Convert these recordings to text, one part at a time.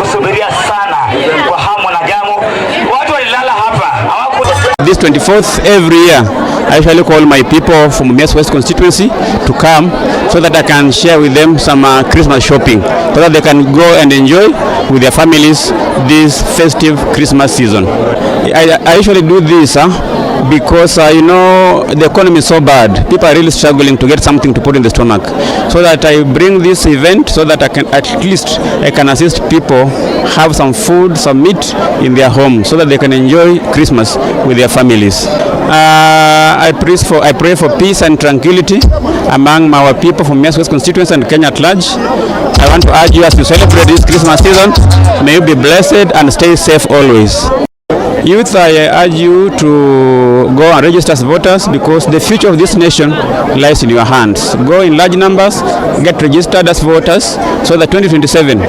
kusubiria sana kwa hamu na Watu walilala hapa this 24th every year I usually call my people from Mumias West constituency to come so that I can share with them some uh, Christmas shopping so that they can go and enjoy with their families this festive Christmas season. I, I usually do this uh, because uh, you know the economy is so bad people are really struggling to get something to put in the stomach so that I bring this event so that I can at least I can assist people have some food some meat in their home so that they can enjoy Christmas with their families uh, I pray for I pray for peace and tranquility among our people from Meas constituents and Kenya at large I want to urge you as you celebrate this Christmas season may you be blessed and stay safe always Youth, I urge you to go and register as voters because the future of this nation lies in your hands. Go in large numbers, get registered as voters so that 2027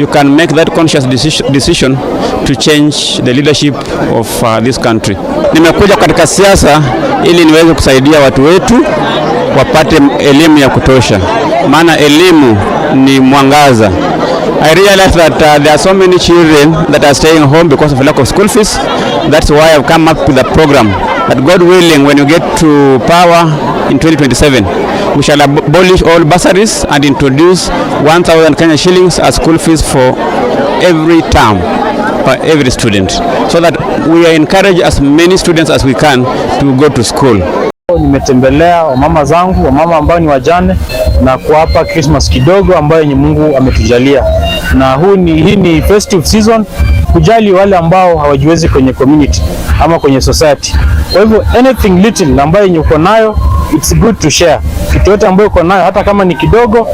you can make that conscious decision, decision to change the leadership of uh, this country. Nimekuja katika siasa ili niweze kusaidia watu wetu wapate elimu ya kutosha, maana elimu ni mwangaza. I realize that uh, there are so many children that are staying home because of lack of school fees. That's why I've come up with a program that God willing, when you get to power in 2027, we shall abolish all bursaries and introduce 1,000 Kenya shillings as school fees for every term for every student so that we encourage as many students as we can to go to school. Nimetembelea wamama zangu, wamama ambao ni wajane na kuwapa Christmas kidogo ambayo Mungu ametujalia, na huu ni, hii ni festive season kujali wale ambao hawajiwezi kwenye community ama kwenye society. Kwa hivyo anything little ambayo yenye uko nayo it's good to share. Kitu yote ambayo uko nayo hata kama ni kidogo,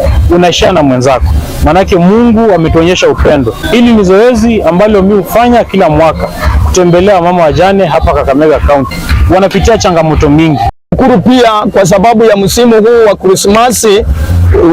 share na mwenzako, maanake Mungu ametuonyesha upendo. Hili ni zoezi ambalo mimi hufanya kila mwaka, kutembelea mama wajane hapa Kakamega County, wanapitia changamoto mingi. Shukuru pia kwa sababu ya msimu huu wa Krismasi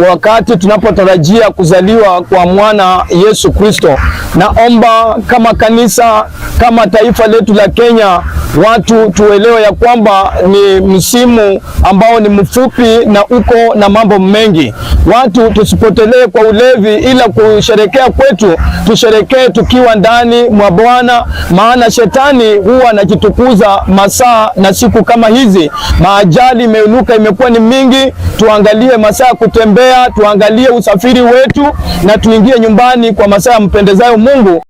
wakati tunapotarajia kuzaliwa kwa mwana Yesu Kristo. Naomba kama kanisa, kama taifa letu la Kenya, watu tuelewe ya kwamba ni msimu ambao ni mfupi na uko na mambo mengi. Watu tusipotelee kwa ulevi, ila kusherekea kwetu tusherekee tukiwa ndani mwa Bwana, maana shetani huwa anajitukuza masaa na siku kama hizi. Maajali imeinuka, imekuwa ni mingi, tuangalie masaa kute kutembea, tuangalie usafiri wetu na tuingie nyumbani kwa masaa mpendezayo Mungu.